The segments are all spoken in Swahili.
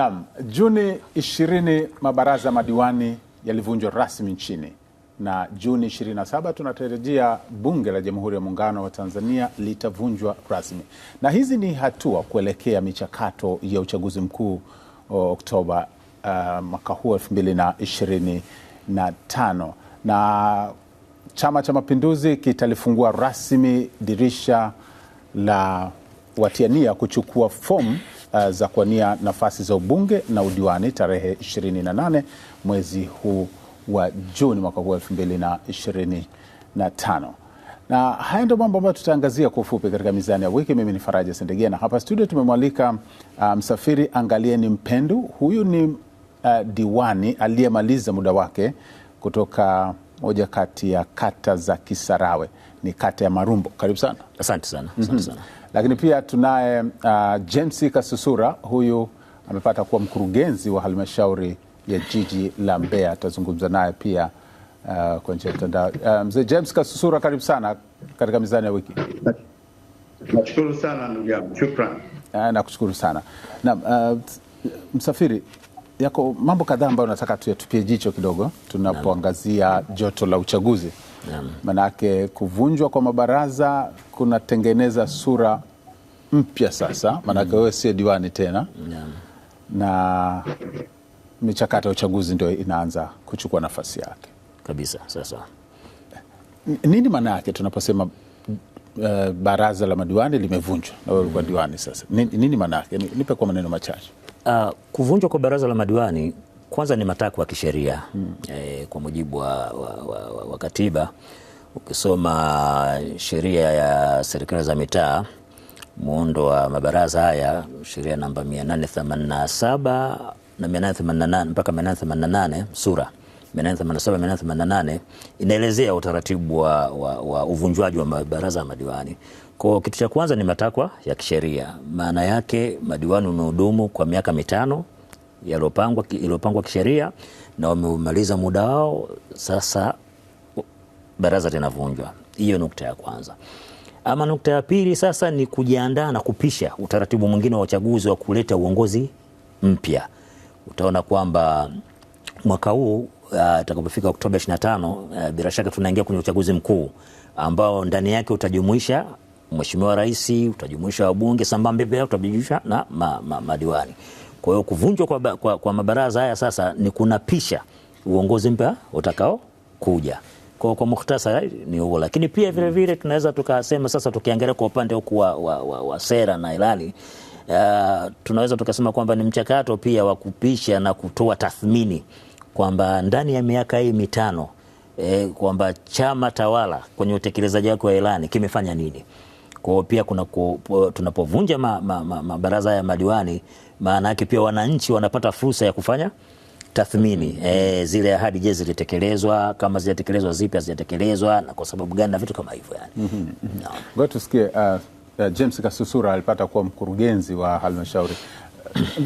Naam, Juni 20 mabaraza madiwani yalivunjwa rasmi nchini na Juni 27 tunatarajia bunge la Jamhuri ya Muungano wa Tanzania litavunjwa rasmi, na hizi ni hatua kuelekea michakato ya uchaguzi mkuu Oktoba uh, mwaka huu 2025 na, na Chama cha Mapinduzi kitalifungua rasmi dirisha la watiania kuchukua fomu uh, za kuwania nafasi za ubunge na udiwani tarehe 28 mwezi huu wa Juni mwaka huu 2025 na haya ndio mambo ambayo tutaangazia kwa ufupi katika mizani ya wiki. Mimi ni Faraja Sendegia na hapa studio tumemwalika ah, msafiri angalieni Mpendu. Huyu ni uh, diwani aliyemaliza muda wake kutoka moja kati ya kata za Kisarawe, ni kata ya Marumbo. Karibu sana. Asante sana, asante mhm. sana. Mm -hmm. Lakini pia tunaye uh, James Kasusura, huyu amepata kuwa mkurugenzi wa halmashauri ya jiji la Mbeya. Tutazungumza naye pia uh, kwa njia ya mtandao. Uh, mzee James Kasusura, karibu sana katika mizani ya wiki. Nashukuru sana ndugu yangu, shukran. Uh, nakushukuru sana na, Uh, Msafiri, yako mambo kadhaa ambayo nataka tuyatupie jicho kidogo tunapoangazia joto la uchaguzi. Manake kuvunjwa kwa mabaraza kunatengeneza sura mpya sasa, manake wewe sio diwani tena. Naam. Na michakato ya uchaguzi ndio inaanza kuchukua nafasi yake kabisa. Sasa nini maana yake tunaposema Uh, baraza la madiwani limevunjwa na wewe ulikuwa diwani sasa, nini maana yake? Nipe kwa maneno machache. Uh, kuvunjwa kwa baraza la madiwani kwanza ni matakwa ya kisheria mm. E, kwa mujibu wa, wa, wa, wa katiba ukisoma sheria ya serikali za mitaa muundo wa mabaraza haya sheria namba 887 na 888 mpaka 888 sura 887 888 inaelezea utaratibu wa, wa, wa uvunjwaji wa mabaraza ya madiwani. Kwa kitu cha kwanza ni matakwa ya kisheria, maana yake madiwani umehudumu kwa miaka mitano yaliyopangwa iliyopangwa kisheria na wameumaliza muda wao, sasa baraza linavunjwa. Hiyo nukta ya kwanza. Ama nukta ya pili sasa ni kujiandaa na kupisha utaratibu mwingine wa uchaguzi wa kuleta uongozi mpya. Utaona kwamba mwaka huu atakapofika uh, Oktoba 25 uh, bila shaka tunaingia kwenye uchaguzi mkuu ambao ndani yake utajumuisha mheshimiwa rais, utajumuisha wabunge, sambamba pia utajumuisha na madiwani ma, ma kwa hiyo kuvunjwa kwa, kwa, kwa mabaraza haya sasa ni kunapisha uongozi mpya utakao kuja. Kwa, kwa mukhtasari ni huo, lakini pia vile mm. vile tunaweza tukasema sasa, tukiangalia kwa upande huku wa, wa, wa, wa sera na ilani uh, tunaweza tukasema kwamba ni mchakato pia wa kupisha na kutoa tathmini kwamba ndani ya miaka hii mitano eh, kwamba chama tawala kwenye utekelezaji wake wa ilani kimefanya nini. Kwa hiyo pia kuna tunapovunja mabaraza ma, ma, ma, ya madiwani maana yake pia wananchi wanapata fursa ya kufanya tathmini e, zile ahadi, je, zilitekelezwa? Kama zilitekelezwa, zipi hazijatekelezwa na kwa sababu gani, na vitu kama hivyo yani. mm -hmm. no. tusikie uh, uh, James Kasusura alipata kuwa mkurugenzi wa halmashauri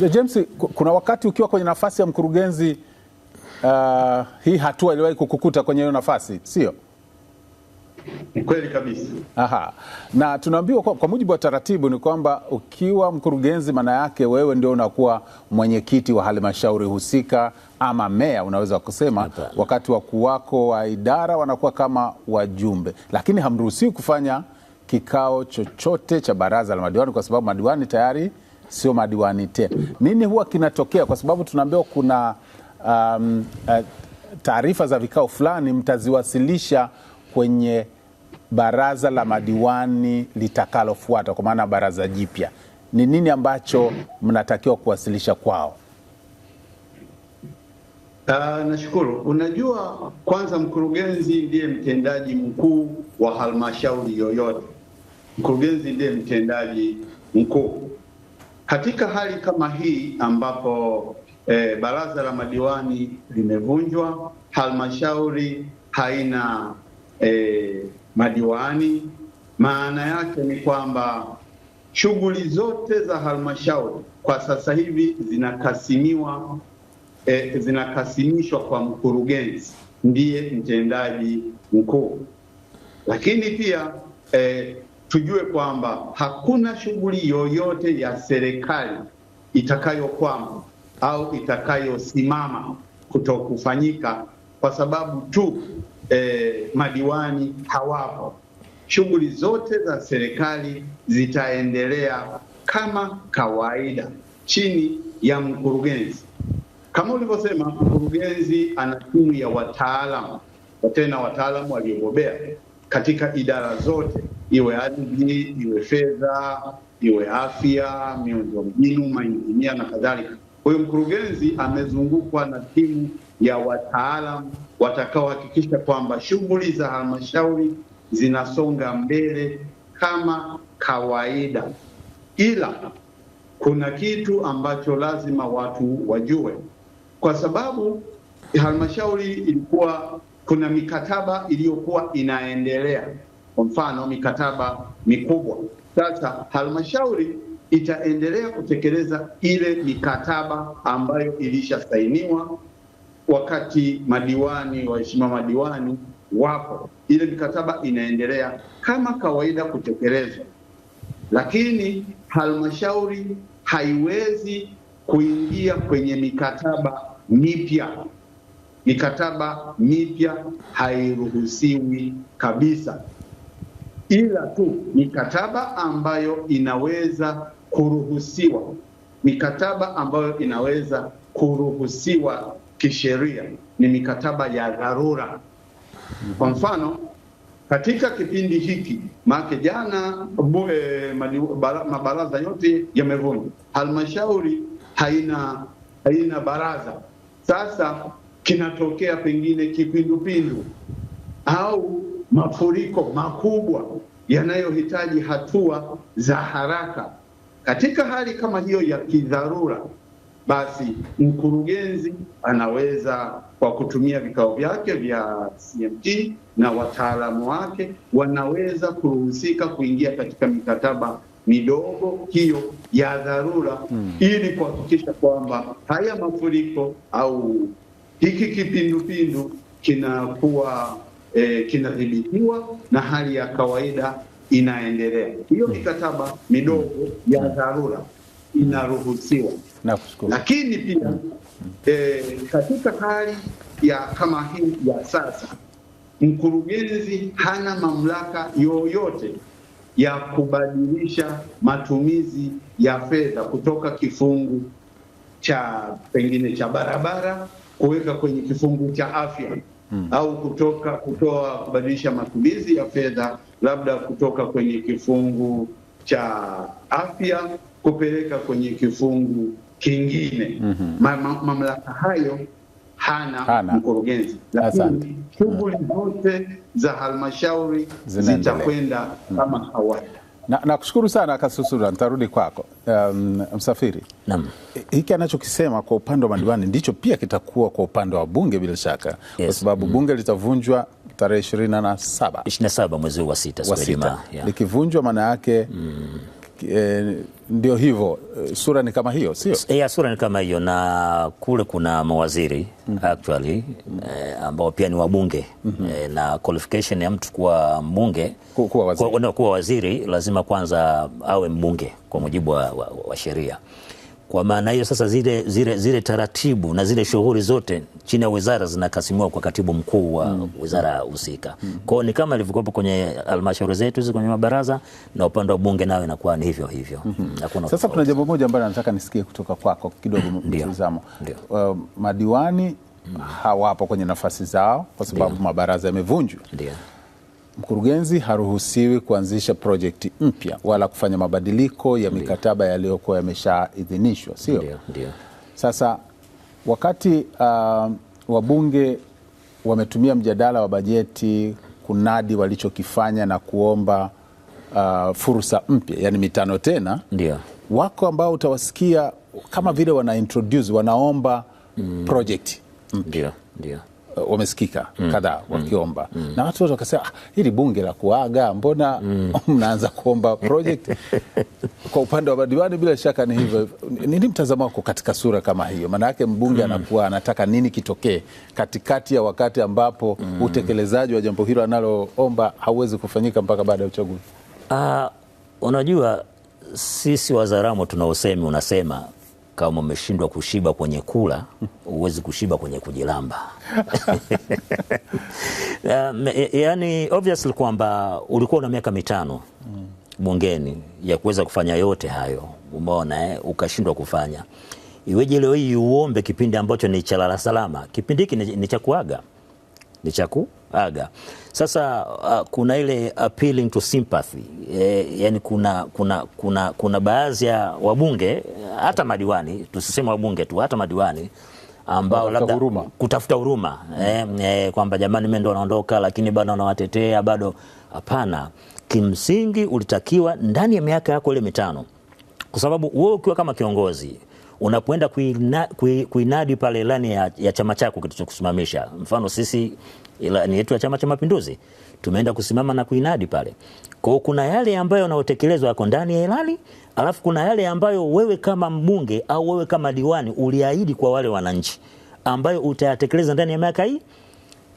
uh, James, kuna wakati ukiwa kwenye nafasi ya mkurugenzi uh, hii hatua iliwahi kukukuta kwenye hiyo nafasi, sio? Ni kweli kabisa. Aha. Na tunaambiwa kwa, kwa mujibu wa taratibu ni kwamba ukiwa mkurugenzi, maana yake wewe ndio unakuwa mwenyekiti wa halmashauri husika ama meya unaweza kusema, wakati wakuu wako wa idara wanakuwa kama wajumbe, lakini hamruhusiwi kufanya kikao chochote cha baraza la madiwani kwa sababu madiwani tayari sio madiwani tena. Nini huwa kinatokea? Kwa sababu tunaambiwa kuna um, uh, taarifa za vikao fulani mtaziwasilisha kwenye baraza la madiwani litakalofuata, kwa maana baraza jipya, ni nini ambacho mnatakiwa kuwasilisha kwao? Uh, nashukuru. Unajua, kwanza mkurugenzi ndiye mtendaji mkuu wa halmashauri yoyote. Mkurugenzi ndiye mtendaji mkuu. Katika hali kama hii ambapo eh, baraza la madiwani limevunjwa, halmashauri haina eh, madiwani. Maana yake ni kwamba shughuli zote za halmashauri kwa sasa hivi zinakasimiwa e, zinakasimishwa kwa mkurugenzi, ndiye mtendaji mkuu. Lakini pia e, tujue kwamba hakuna shughuli yoyote ya serikali itakayokwama au itakayosimama kutokufanyika kwa sababu tu eh, madiwani hawapo, shughuli zote za serikali zitaendelea kama kawaida chini ya mkurugenzi. Kama ulivyosema, mkurugenzi ana timu ya wataalamu, tena wataalamu waliobobea katika idara zote, iwe ardhi, iwe fedha, iwe afya, miundombinu, mainjinia na kadhalika. Kwa hiyo mkurugenzi amezungukwa na timu ya wataalamu watakaohakikisha kwamba shughuli za halmashauri zinasonga mbele kama kawaida, ila kuna kitu ambacho lazima watu wajue, kwa sababu halmashauri ilikuwa kuna mikataba iliyokuwa inaendelea, kwa mfano mikataba mikubwa. Sasa halmashauri itaendelea kutekeleza ile mikataba ambayo ilishasainiwa wakati madiwani, waheshimiwa madiwani wapo, ile mikataba inaendelea kama kawaida kutekelezwa, lakini halmashauri haiwezi kuingia kwenye mikataba mipya. Mikataba mipya hairuhusiwi kabisa, ila tu mikataba ambayo inaweza kuruhusiwa, mikataba ambayo inaweza kuruhusiwa kisheria ni mikataba ya dharura. Kwa mfano katika kipindi hiki maake jana bu, eh, mabaraza yote yamevunjwa, halmashauri haina haina baraza. Sasa kinatokea pengine kipindupindu au mafuriko makubwa yanayohitaji hatua za haraka. Katika hali kama hiyo ya kidharura basi mkurugenzi anaweza kwa kutumia vikao vyake vya CMT na wataalamu wake wanaweza kuruhusika kuingia katika mikataba midogo hiyo ya dharura mm, ili kuhakikisha kwamba haya mafuriko au hiki kipindupindu kinakuwa eh, kinadhibitiwa na hali ya kawaida inaendelea. Hiyo hmm. mikataba midogo ya dharura inaruhusiwa na Lakini pia e, katika hali ya kama hii ya sasa, mkurugenzi hana mamlaka yoyote ya kubadilisha matumizi ya fedha kutoka kifungu cha pengine cha barabara kuweka kwenye kifungu cha afya hmm, au kutoka kutoa kubadilisha matumizi ya fedha labda kutoka kwenye kifungu cha afya kupeleka kwenye kifungu kingine mm -hmm. Ma, mamlaka hayo hana, hana. mkurugenzi, lakini shughuli zote za halmashauri zitakwenda mm. kama mm -hmm. kawaida. Nakushukuru na sana Kasusura, nitarudi kwako um, Msafiri. Naam, hiki anachokisema kwa upande wa madiwani ndicho pia kitakuwa kwa upande wa bunge bila shaka yes. kwa sababu mm. bunge litavunjwa tarehe 27 27 mwezi wa sita, wa sita. likivunjwa maana yake mm. E, ndio hivyo, eh, sura ni kama hiyo, sio eh, ya, sura ni kama hiyo, na kule kuna mawaziri mm -hmm. actually e, ambao pia ni wabunge mm -hmm. e, na qualification ya mtu kuwa mbunge ku, kuwa, waziri. Ku, no, kuwa waziri lazima kwanza awe mbunge kwa mujibu wa, wa, wa sheria. Kwa maana hiyo sasa zile, zile, zile taratibu na zile shughuli zote chini ya wizara zinakasimiwa kwa katibu mkuu wa mm. wizara husika mm. Kwao ni kama ilivyokuwepo kwenye halmashauri zetu hizi kwenye mabaraza na upande wa bunge nayo inakuwa ni hivyo hivyo mm-hmm. mm -hmm. Sasa kuna jambo moja ambalo nataka nisikie kutoka kwako kidogo mtazamo uh, um, madiwani mm. hawapo kwenye nafasi zao kwa sababu mabaraza yamevunjwa mkurugenzi haruhusiwi kuanzisha projekti mpya wala kufanya mabadiliko ya mikataba yaliyokuwa yameshaidhinishwa, sio? Sasa wakati uh, wabunge wametumia mjadala wa bajeti kunadi walichokifanya na kuomba uh, fursa mpya, yani mitano tena, ndiyo. Wako ambao utawasikia kama vile wana introduce wanaomba mm, project mpya, ndiyo, ndiyo. Eh, wamesikika mm. kadhaa wakiomba mm. mm. na watu wote wakasema, ah, hili bunge la kuaga, mbona mm. mnaanza kuomba project kwa upande wa madiwani? Bila shaka ni hivyo. Nini mtazamo wako katika sura kama hiyo? Maana yake mbunge mm. anakuwa anataka nini kitokee katikati ya wakati ambapo mm. utekelezaji wa jambo hilo analoomba hauwezi kufanyika mpaka baada ya uchaguzi? Uh, unajua sisi Wazaramo tuna usemi unasema kama umeshindwa kushiba kwenye kula, huwezi kushiba kwenye kujilamba. Um, yani obviously kwamba ulikuwa una miaka mitano bungeni ya kuweza kufanya yote hayo, umeona eh, ukashindwa kufanya. Iweje leo hii uombe kipindi ambacho ni cha lala salama? Kipindi hiki ni cha kuaga ni cha kuaga. Sasa uh, kuna ile appealing to sympathy e, yani kuna, kuna, kuna, kuna baadhi ya wabunge hata madiwani, tusisema wabunge tu, hata madiwani ambao labda huruma. kutafuta huruma mm. e, e, kwamba jamani, mimi ndo naondoka, lakini bado nawatetea bado. Hapana, kimsingi ulitakiwa ndani ya miaka yako ile mitano, kwa sababu wewe ukiwa kama kiongozi unapoenda kui, kuinadi pale ilani ya, ya chama chako kilichokusimamisha. Mfano sisi ilani yetu ya Chama cha Mapinduzi tumeenda kusimama na kuinadi pale. Kwa hiyo kuna yale ambayo yanayotekelezwa yako ndani ya ilani, alafu kuna yale ambayo wewe kama mbunge au wewe kama diwani uliahidi kwa wale wananchi ambayo utayatekeleza ndani ya miaka hii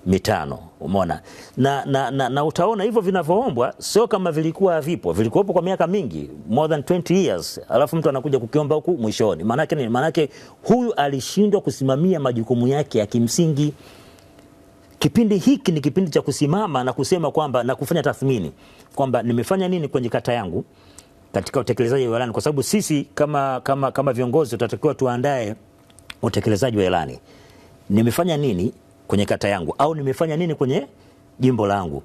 mitano umeona na, na, na, na utaona hivyo vinavyoombwa sio kama vilikuwa havipo, vilikuwepo kwa miaka mingi more than 20 years, alafu mtu anakuja kukiomba huku mwishoni. Maanake nini? Maanake huyu alishindwa kusimamia majukumu yake ya kimsingi. Kipindi hiki ni kipindi cha kusimama na kusema kwamba na kufanya tathmini kwamba nimefanya nini kwenye kata yangu katika utekelezaji wa ilani, kwa sababu sisi kama, kama, kama viongozi tutatakiwa tuandae utekelezaji wa ilani. Nimefanya nini kwenye kata yangu au nimefanya nini kwenye jimbo langu.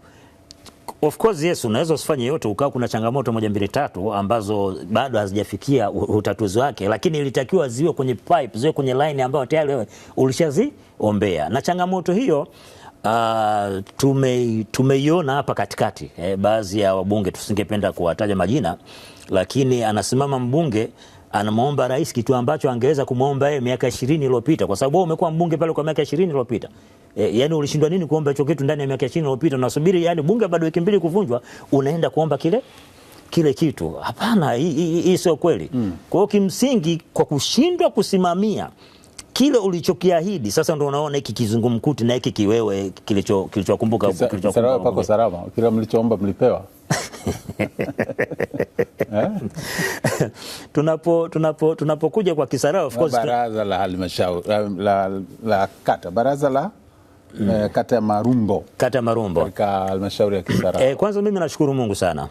Of course yes, unaweza usifanye yote, ukawa kuna changamoto moja mbili tatu ambazo bado hazijafikia utatuzi wake, lakini ilitakiwa ziwe kwenye pipe, ziwe kwenye line ambayo tayari wewe ulishaziombea. Na changamoto hiyo uh, ah, tume tumeiona hapa katikati eh, baadhi ya wabunge, tusingependa kuwataja majina, lakini anasimama mbunge anamwomba rais kitu ambacho angeweza kumwomba yeye miaka 20 iliyopita, kwa sababu wewe umekuwa mbunge pale kwa miaka 20 iliyopita. E, eh, yani ulishindwa nini kuomba hicho kitu ndani ya miaka 20 iliyopita? Unasubiri yani bunge bado wiki mbili kuvunjwa, unaenda kuomba kile kile kitu? Hapana, hii sio kweli. Mm. Kwa hiyo kimsingi, kwa kushindwa kusimamia kile ulichokiahidi sasa ndo unaona hiki kizungumkuti na hiki kiwewe kilicho kilichokumbuka kilicho kilichokumbuka pako salama, kila mlichoomba mlipewa. Eh? tunapo tunapo tunapokuja kwa kisarao of course baraza la halmashauri la, la, la kata baraza la mm. Eh, kata ya Marumbo kata ya Marumbo katika halmashauri ya kisarao Eh, kwanza mimi nashukuru Mungu sana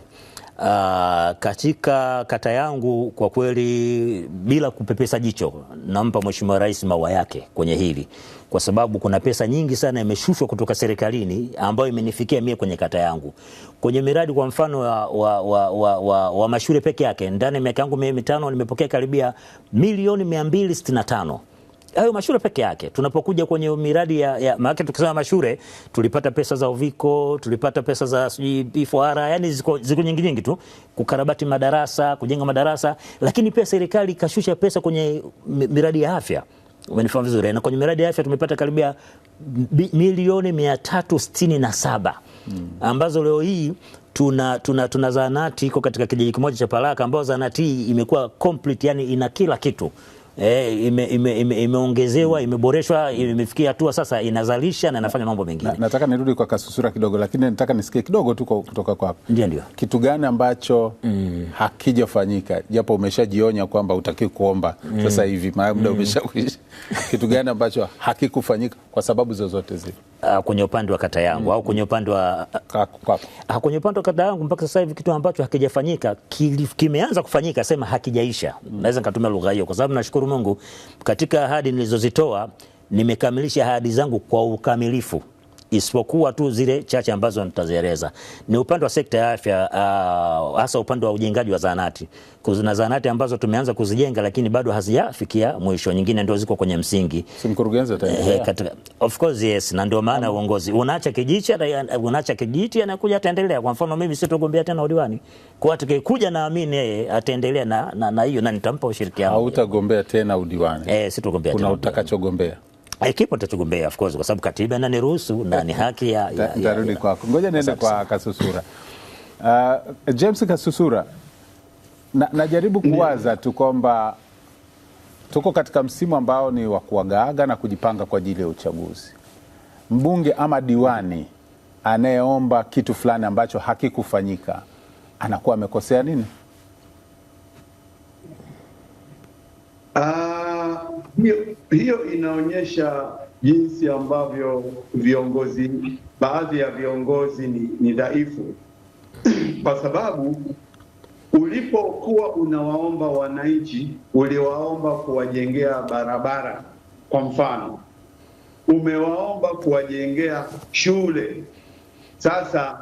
Uh, katika kata yangu kwa kweli, bila kupepesa jicho, nampa Mheshimiwa Rais maua yake kwenye hili, kwa sababu kuna pesa nyingi sana imeshushwa kutoka serikalini ambayo imenifikia mie kwenye kata yangu kwenye miradi kwa mfano wa, wa, wa, wa, wa, wa mashule peke yake, ndani ya miaka yangu mie mitano nimepokea karibia milioni 265 hayo mashure peke yake. Tunapokuja kwenye miradi ya, ya maana tukisema mashure tulipata pesa za uviko, tulipata pesa za sijui 4 r yani ziko, ziko nyingi nyingi tu, kukarabati madarasa, kujenga madarasa, lakini pia serikali ikashusha pesa kwenye miradi ya afya. Umenifahamu vizuri? Na kwenye miradi ya afya tumepata karibia milioni 367 mm. ambazo leo hii tuna, tuna, tuna zahanati iko katika kijiji kimoja cha Palaka ambao zahanati hii imekuwa complete, yani ina kila kitu E, eh, imeongezewa ime, ime imeboreshwa imefikia hatua sasa inazalisha na inafanya mambo mengine. Na, nataka nirudi kwa Kasusura kidogo, lakini nataka nisikie kidogo tu kutoka kwako. Ndio, ndio. Kitu gani ambacho mm. hakijafanyika japo umeshajionya kwamba utaki kuomba mm. sasa hivi muda mm. umeshakwisha. Kitu gani ambacho hakikufanyika kwa sababu zozote zile? uh, kwenye upande wa kata yangu mm. au kwenye upande wa uh, uh kwenye upande wa kata yangu mpaka sasa hivi kitu ambacho hakijafanyika kimeanza kufanyika, sema hakijaisha mm. naweza nikatumia lugha hiyo, kwa sababu nashukuru Mungu katika ahadi nilizozitoa nimekamilisha ahadi zangu kwa ukamilifu isipokuwa tu zile chache ambazo nitazieleza. Ni upande wa sekta ya afya, uh, hasa uh, upande wa ujengaji wa zahanati. Kuna zahanati ambazo tumeanza kuzijenga lakini bado hazijafikia mwisho, nyingine ndio ziko kwenye msingi. Si mkurugenzi ataendelea? Eh, katika, of course yes, na ndio maana uongozi unaacha kijiji, unaacha kijiji, anakuja ataendelea. Kwa mfano mimi sitogombea tena udiwani, kwa atakayekuja naamini yeye ataendelea na na hiyo na, na, na nitampa ushirikiano. Hautagombea tena udiwani? Eh, sitogombea tena. Kuna utakachogombea? Kipo tutachogombea of course, kwa sababu katiba inaniruhusu na ni haki ya. Nitarudi kwako, ngoja niende kwa Kasusura. Uh, James Kasusura, na, najaribu kuwaza tu kwamba tuko katika msimu ambao ni wa kuagaaga na kujipanga kwa ajili ya uchaguzi. Mbunge ama diwani anayeomba kitu fulani ambacho hakikufanyika anakuwa amekosea nini? uh hiyo inaonyesha jinsi ambavyo viongozi, baadhi ya viongozi ni, ni dhaifu kwa sababu ulipokuwa unawaomba wananchi, uliwaomba kuwajengea barabara kwa mfano, umewaomba kuwajengea shule. Sasa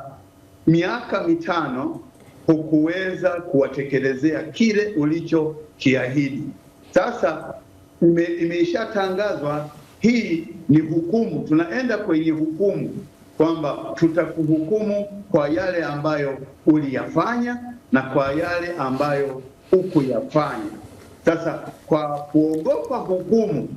miaka mitano hukuweza kuwatekelezea kile ulichokiahidi. Sasa ime, imeshatangazwa. Hii ni hukumu, tunaenda kwenye hukumu kwamba tutakuhukumu kwa yale ambayo uliyafanya na kwa yale ambayo hukuyafanya. Sasa kwa kuogopa hukumu,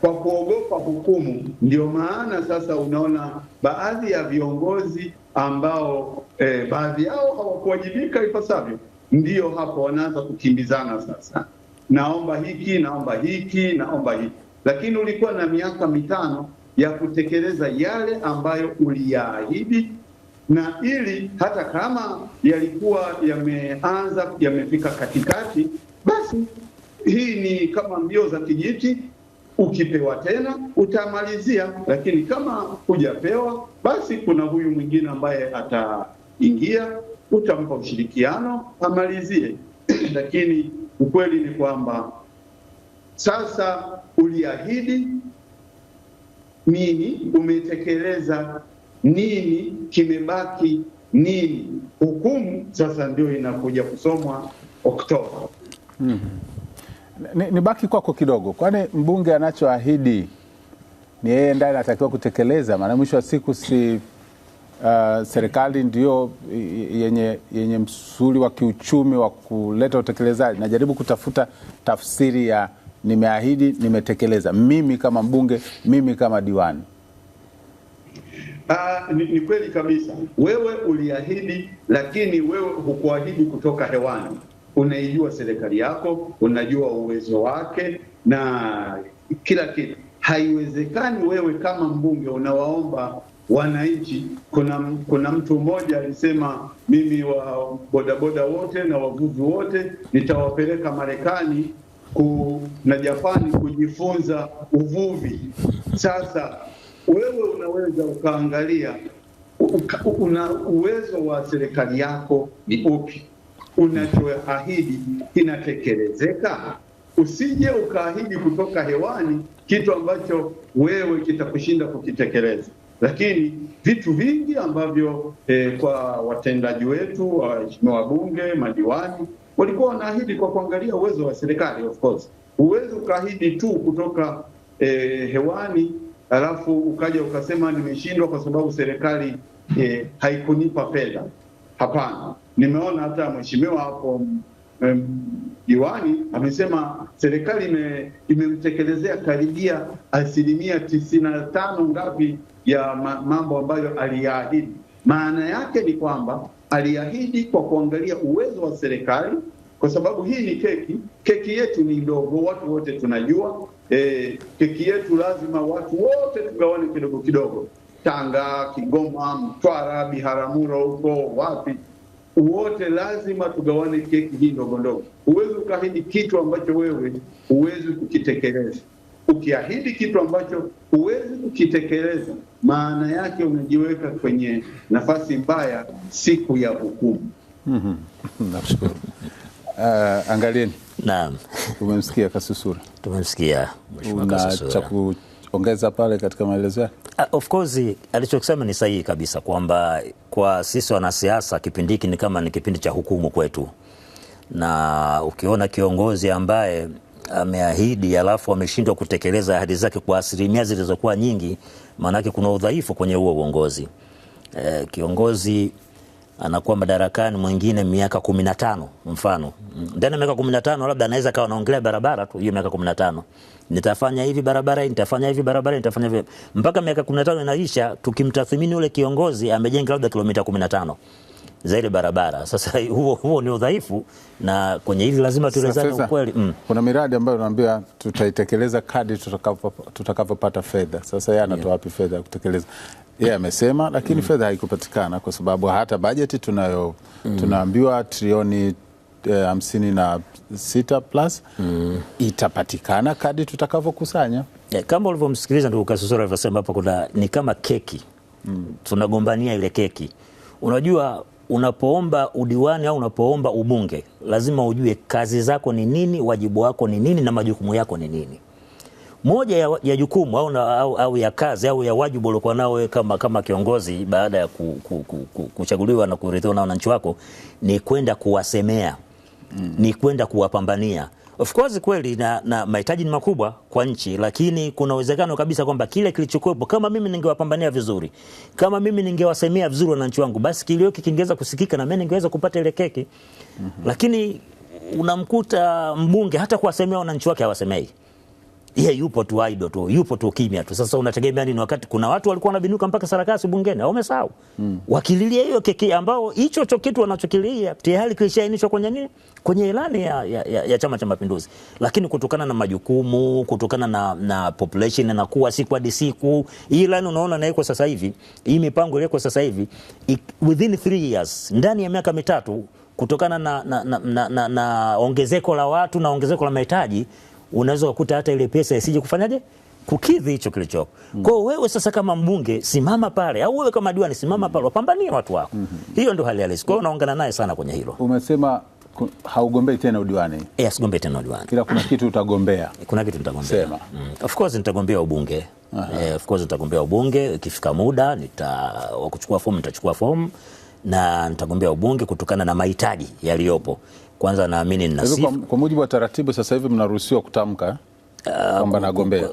kwa kuogopa hukumu, ndio maana sasa unaona baadhi ya viongozi ambao eh, baadhi yao hawakuwajibika ipasavyo, ndiyo hapo wanaanza kukimbizana sasa naomba hiki, naomba hiki, naomba hiki, lakini ulikuwa na miaka mitano ya kutekeleza yale ambayo uliyaahidi, na ili hata kama yalikuwa yameanza yamefika katikati, basi hii ni kama mbio za kijiti ukipewa tena utamalizia, lakini kama hujapewa basi kuna huyu mwingine ambaye ataingia, utampa ushirikiano amalizie. Lakini Ukweli ni kwamba sasa uliahidi nini, umetekeleza nini, kimebaki nini? Hukumu sasa ndio inakuja kusomwa Oktoba. -hmm. Nibaki ni kwako kidogo, kwani mbunge anachoahidi ni yeye ndiye anatakiwa kutekeleza, maana mwisho wa siku si uh, serikali ndio yenye, yenye msuli wa kiuchumi wa kuleta utekelezaji. Najaribu kutafuta tafsiri ya nimeahidi, nimetekeleza, mimi kama mbunge, mimi kama diwani. Uh, ni, ni kweli kabisa, wewe uliahidi, lakini wewe hukuahidi kutoka hewani. Unaijua serikali yako, unajua uwezo wake na kila kitu. Haiwezekani wewe kama mbunge unawaomba wananchi. Kuna, kuna mtu mmoja alisema mimi wa bodaboda wote na wavuvi wote nitawapeleka Marekani ku, na Japani kujifunza uvuvi. Sasa wewe unaweza ukaangalia uka, una uwezo wa serikali yako ni upi, unachoahidi kinatekelezeka. Usije ukaahidi kutoka hewani kitu ambacho wewe kitakushinda kukitekeleza lakini vitu vingi ambavyo eh, kwa watendaji wetu waheshimiwa wabunge, madiwani walikuwa wanaahidi kwa kuangalia uwezo wa serikali. Of course huwezi ukaahidi tu kutoka eh, hewani alafu ukaja ukasema nimeshindwa kwa sababu serikali eh, haikunipa fedha. Hapana, nimeona hata mheshimiwa hapo diwani amesema serikali imemtekelezea karibia asilimia tisini na tano ngapi ya mambo ambayo aliyaahidi. Maana yake ni kwamba aliahidi kwa kuangalia uwezo wa serikali, kwa sababu hii ni keki. Keki yetu ni ndogo, watu wote tunajua. E, keki yetu lazima watu wote tugawane kidogo kidogo. Tanga, Kigoma, Mtwara, Biharamulo, huko wapi, wote lazima tugawane keki hii ndogo ndogo. Huwezi ukaahidi kitu ambacho wewe huwezi kukitekeleza. Ukiahidi kitu ambacho huwezi kukitekeleza, maana yake unajiweka kwenye nafasi mbaya siku ya hukumu. Mhm. Nashukuru. Uh, angalieni. Naam. Tumemsikia Kasusura. Tumemsikia Mheshimiwa Kasusura. Cha kuongeza pale katika maelezo yake. Uh, of course alichokisema ni sahihi kabisa kwamba kwa sisi wanasiasa kipindi hiki ni kama ni kipindi cha hukumu kwetu na ukiona kiongozi ambaye ameahidi alafu ameshindwa kutekeleza ahadi zake kwa asilimia zilizokuwa nyingi, maanake kuna udhaifu kwenye huo uongozi. E, kiongozi anakuwa madarakani mwingine miaka kumi na tano mfano, ndani ya miaka kumi na tano labda anaweza akawa anaongelea barabara tu hiyo miaka kumi na tano nitafanya hivi barabara, nitafanya hivi barabara, nitafanya hivi mpaka miaka kumi na tano inaisha. Tukimtathmini ule kiongozi amejenga labda kilomita kumi na tano za ile barabara. Sasa huo, huo ni udhaifu, na kwenye hili lazima tuelezane ukweli mm. Kuna miradi ambayo unaambia tutaitekeleza kadi tutakavyopata fedha. Sasa yeye anatoa wapi fedha ya kutekeleza? Yeye yeah, amesema lakini mm. fedha haikupatikana kwa sababu hata bajeti tunayo mm. tunaambiwa trilioni eh, hamsini e, na sita plus mm. itapatikana kadi tutakavyokusanya. Yeah, kama ulivyomsikiliza ndugu Kasosoro alivyosema hapa, kuna ni kama keki mm. tunagombania ile keki, unajua unapoomba udiwani au unapoomba ubunge lazima ujue kazi zako ni nini, wajibu wako ni nini, na majukumu yako ni nini. Moja ya, ya jukumu au, au, au ya kazi au ya wajibu uliokuwa nao kama, kama kiongozi baada ya ku, ku, ku, ku, kuchaguliwa na kurithiwa na wananchi wako ni kwenda kuwasemea mm. ni kwenda kuwapambania Of course kweli na, na mahitaji ni makubwa kwa nchi, lakini kuna uwezekano kabisa kwamba kile kilichokuwepo, kama mimi ningewapambania vizuri, kama mimi ningewasemea vizuri wananchi wangu, basi kilio kingeweza kusikika na mimi ningeweza kupata ile keki. mm -hmm. Lakini unamkuta mbunge hata kuwasemea wananchi wake hawasemei yeye yupo tu aido tu, yupo tu kimya tu. Sasa unategemea nini? Wakati kuna watu walikuwa wanabinuka mpaka sarakasi bungeni, wamesahau mm. wakililia hiyo keki ambao hicho cho kitu wanachokilia tayari kilishaainishwa kwenye nini, kwenye ilani ya, ya, ya, ya Chama cha Mapinduzi, lakini kutokana na majukumu, kutokana na, na population inakuwa siku hadi siku, hii ilani unaona na iko sasa hivi, hii mipango iliyoko sasa hivi within three years, ndani ya miaka mitatu, kutokana na, na, na, na, na, na ongezeko la watu na ongezeko la mahitaji unaweza kukuta hata ile pesa isije kufanyaje kukidhi hicho kilichoko. Mm. Kwa wewe sasa kama mbunge simama pale au wewe kama diwani simama mm. pale wapambanie watu wako. Mm -hmm. Hiyo ndio hali halisi. Kwa hiyo unaongana naye sana kwenye hilo. Umesema haugombei tena udiwani? Yes, eh, sigombei tena udiwani. Kila kuna kitu utagombea. Kuna kitu nitagombea. Sema. Mm. Of course nitagombea ubunge. Uh -huh. Eh, of course nitagombea ubunge ikifika muda nita kuchukua fomu nitachukua fomu na nitagombea ubunge kutokana na mahitaji yaliyopo kwanza naamini nina sifa. Kwa mujibu wa taratibu sasa hivi mnaruhusiwa kutamka eh? uh, kwamba nagombea.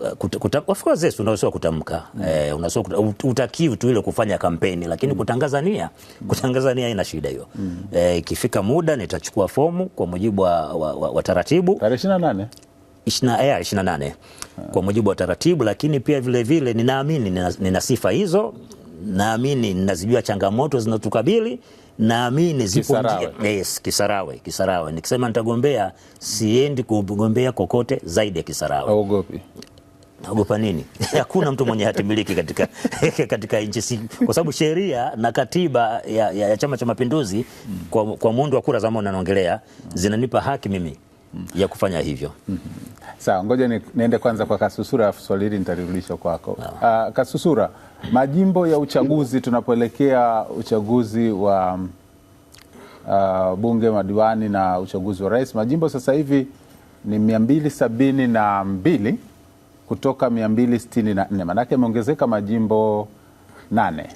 Of course yes, unaruhusiwa kutamka mm. E, unaruhusiwa utakiwi tu ile kufanya kampeni, lakini mm. kutangaza nia, hmm. kutangaza nia ina shida hiyo mm. E, ikifika muda nitachukua fomu kwa mujibu wa, wa, wa, wa taratibu tarehe 28 nane hmm. kwa mujibu wa taratibu, lakini pia vile vile ninaamini nina, nina sifa hizo, naamini ninazijua changamoto zinazotukabili naamini zipo Kisarawe. Yes, Kisarawe, Kisarawe. Nikisema nitagombea siendi kugombea kokote zaidi ya Kisarawe. Hauogopi? Naogopa nini? Hakuna mtu mwenye hati miliki katika, katika nchi kwa sababu sheria na katiba ya, ya, ya Chama cha Mapinduzi kwa, kwa muundo wa kura za maoni naongelea zinanipa haki mimi ya kufanya hivyo mm-hmm. Sawa, ngoja niende kwanza kwa Kasusura, afu swali hili nitarudisha kwako. Uh, Kasusura majimbo ya uchaguzi tunapoelekea uchaguzi wa uh, bunge, madiwani na uchaguzi wa rais, majimbo sasa hivi ni mia mbili sabini na mbili kutoka mia mbili sitini na nne maanake ameongezeka majimbo nane.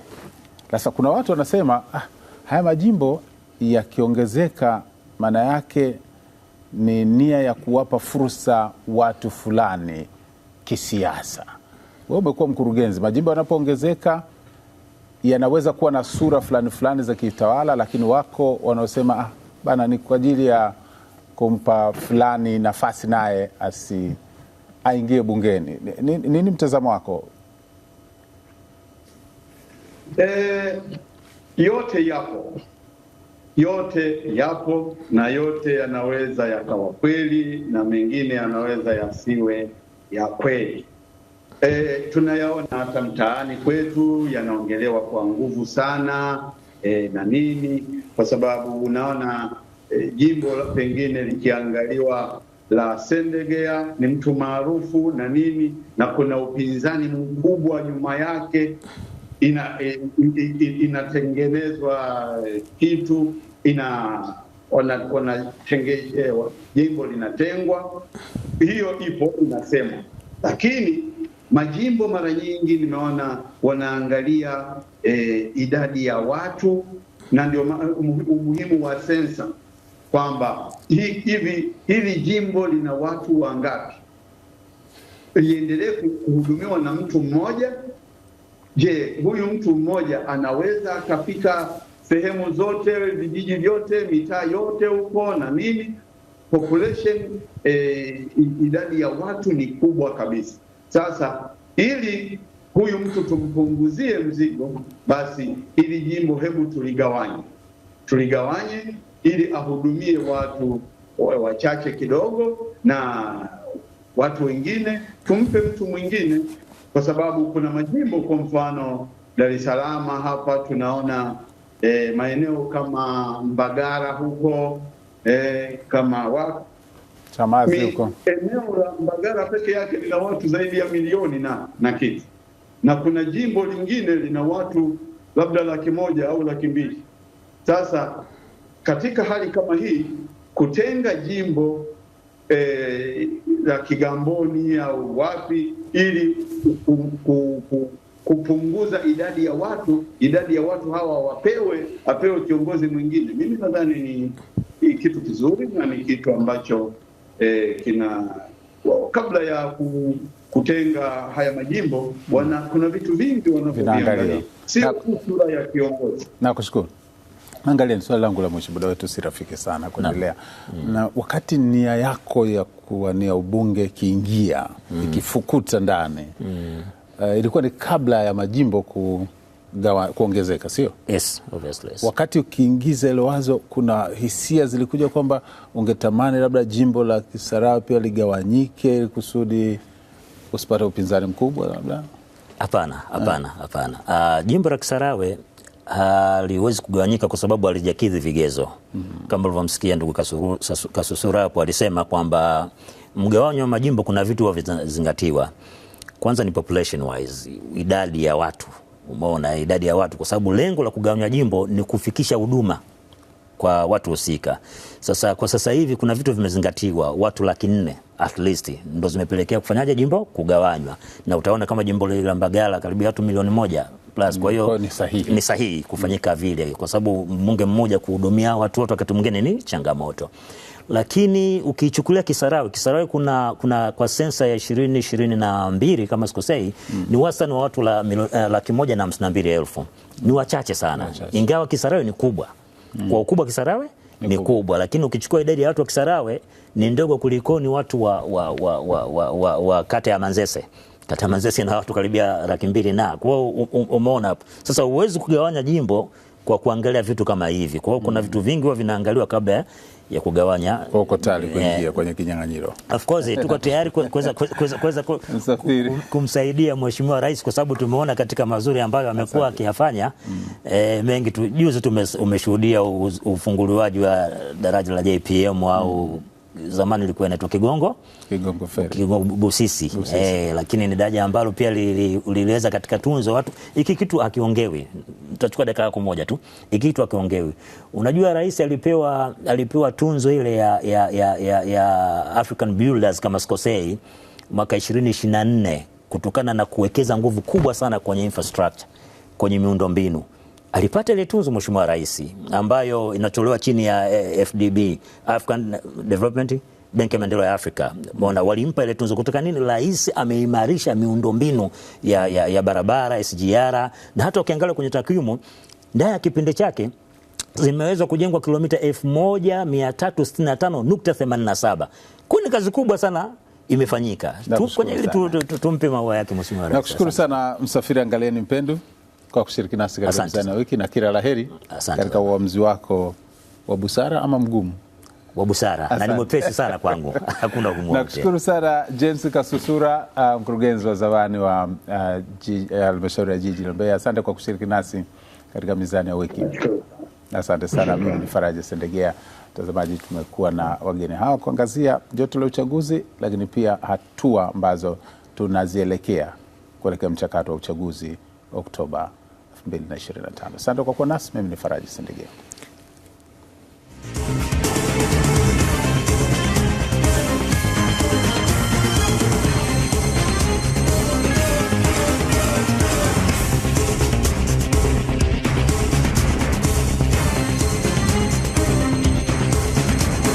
Sasa kuna watu wanasema ah, haya majimbo yakiongezeka maana yake ni nia ya kuwapa fursa watu fulani kisiasa wewe umekuwa mkurugenzi, majimbo yanapoongezeka yanaweza kuwa na sura fulani fulani za kitawala, lakini wako wanaosema ah, bana ni kwa ajili ya kumpa fulani nafasi naye asi aingie bungeni. Nini, nini mtazamo wako? E, yote yapo, yote yapo na yote yanaweza yakawa kweli na mengine yanaweza yasiwe ya kweli E, tunayaona hata mtaani kwetu yanaongelewa kwa nguvu sana e, na nini, kwa sababu unaona e, jimbo pengine likiangaliwa la Sendegea ni mtu maarufu na nini, na kuna upinzani mkubwa nyuma yake, ina e, inatengenezwa e, kitu ina ona, e, jimbo linatengwa. Hiyo ipo inasema, lakini Majimbo mara nyingi nimeona wanaangalia eh, idadi ya watu na ndio um-, umuhimu wa sensa kwamba hivi hili jimbo lina watu wangapi, liendelee kuhudumiwa na mtu mmoja. Je, huyu mtu mmoja anaweza akafika sehemu zote, vijiji vyote, mitaa yote huko na nini? Population eh, idadi ya watu ni kubwa kabisa. Sasa ili huyu mtu tumpunguzie mzigo, basi ili jimbo hebu tuligawanye, tuligawanye ili ahudumie watu wachache kidogo, na watu wengine tumpe mtu mwingine, kwa sababu kuna majimbo, kwa mfano Dar es Salaam hapa tunaona e, maeneo kama Mbagara huko e, kama wapi Chamazi huko. Eneo la Mbagala peke yake lina watu zaidi ya milioni na na kitu, na kuna jimbo lingine lina watu labda laki moja au laki mbili. Sasa katika hali kama hii kutenga jimbo e, la Kigamboni au wapi ili kupunguza idadi ya watu, idadi ya watu hawa wapewe, apewe kiongozi mwingine, mimi nadhani ni, ni kitu kizuri na ni kitu ambacho e, kina kabla ya ku, kutenga haya majimbo hmm. wana, kuna vitu vingi wanavyoangalia, sio tu sura ya kiongozi. Nakushukuru. Angalia, ni swali langu la mwisho, muda wetu si rafiki sana kuendelea na. na wakati nia yako ya kuwania ubunge ikiingia mm. ikifukuta ndani mm. uh, ilikuwa ni kabla ya majimbo ku kuongezeka, sio? Yes, obviously, yes. Wakati ukiingiza ile wazo, kuna hisia zilikuja kwamba ungetamani labda jimbo la Kisarawe pia ligawanyike kusudi usipate upinzani mkubwa labda? Hapana, eh. hapana, hapana. Uh, jimbo la Kisarawe haliwezi ah, kugawanyika kwa sababu halijakidhi vigezo mm -hmm. Kama ulivyomsikia ndugu Kasusura hapo alisema kwamba mgawanyo wa majimbo kuna vitu vinazingatiwa. Kwanza ni population wise, idadi ya watu umeona eh, idadi ya watu, kwa sababu lengo la kugawanya jimbo ni kufikisha huduma kwa watu husika. Sasa kwa sasa hivi kuna vitu vimezingatiwa, watu laki nne at least ndo zimepelekea kufanyaje jimbo kugawanywa, na utaona kama jimbo lile la Mbagala karibia watu milioni moja plus. Kwa hiyo ni sahihi, ni sahihi kufanyika vile, kwa sababu mbunge mmoja kuhudumia watu wote wakati mwingine ni changamoto lakini ukichukulia Kisarawe, Kisarawe kuna, kuna kwa sensa ya ishirini ishirini na mbili kama sikosei mm. ni wastani wa watu eh, laki moja na hamsini na mbili elfu ni wachache sana wachache. Ingawa Kisarawe ni kubwa mm. kwa ukubwa Kisarawe ni, kubwa. kubwa lakini ukichukua idadi ya watu wa Kisarawe ni ndogo kuliko ni watu wa, wa, wa, wa, wa, wa, wa kata ya Manzese kata ya Manzese na watu karibia laki mbili na kwao, umeona hapo sasa, huwezi kugawanya jimbo kwa kuangalia vitu kama hivi. Kwa hiyo kuna mm. vitu vingi huwa vinaangaliwa kabla ya kugawanya. Uko tayari kuingia eh, kwenye kinyang'anyiro? Of course eh, tuko tayari kuweza kuweza kumsaidia Mheshimiwa Rais, kwa sababu tumeona katika mazuri ambayo amekuwa akiyafanya E, mengi tu. Juzi tumeshuhudia ufunguliwaji wa daraja la JPM au mm zamani ilikuwa inaitwa Kigongo Kigongo Ferry Kigongo Busisi, Busisi. Eh, lakini ni daraja ambalo pia liliweza katika tunzo watu, iki kitu akiongewi, tutachukua dakika yako moja tu, iki kitu akiongewi. Unajua rais alipewa alipewa tunzo ile ya, ya, ya, ya, ya African Builders kama sikosei mwaka 2024 kutokana na kuwekeza nguvu kubwa sana kwenye infrastructure kwenye miundombinu alipata ile tunzo Mheshimiwa Rais ambayo inatolewa chini ya eh, FDB, African Development Bank ya Maendeleo ya Afrika. Mbona walimpa ile tunzo kutoka nini? Rais ameimarisha miundombinu ya, ya, ya barabara SGR, na hata ukiangalia kwenye takwimu ndani ya kipindi chake zimeweza kujengwa kilomita 1365.87. kuni kazi kubwa sana imefanyika. Tumpe maua yake Mheshimiwa Rais. Nakushukuru sana Msafiri, angalieni Mpendu kwa kushiriki nasi katika mizani wiki na kila laheri katika uamuzi wako wa busara ama mgumu wa busara na ni mwepesi sana kwangu, hakuna ugumu. Nakushukuru sana James Kasusura, uh, mkurugenzi wa zamani wa uh, eh, halmashauri uh, ya jiji la Mbeya. Asante kwa kushiriki nasi katika mizani ya wiki. Asante sana. Mimi ni Faraja Sendegea. Mtazamaji, tumekuwa na wageni hawa kuangazia joto la uchaguzi, lakini pia hatua ambazo tunazielekea kuelekea mchakato wa uchaguzi Oktoba 2025. Asante kwa kuwa nasi. Mimi ni Faraji Sindigeo.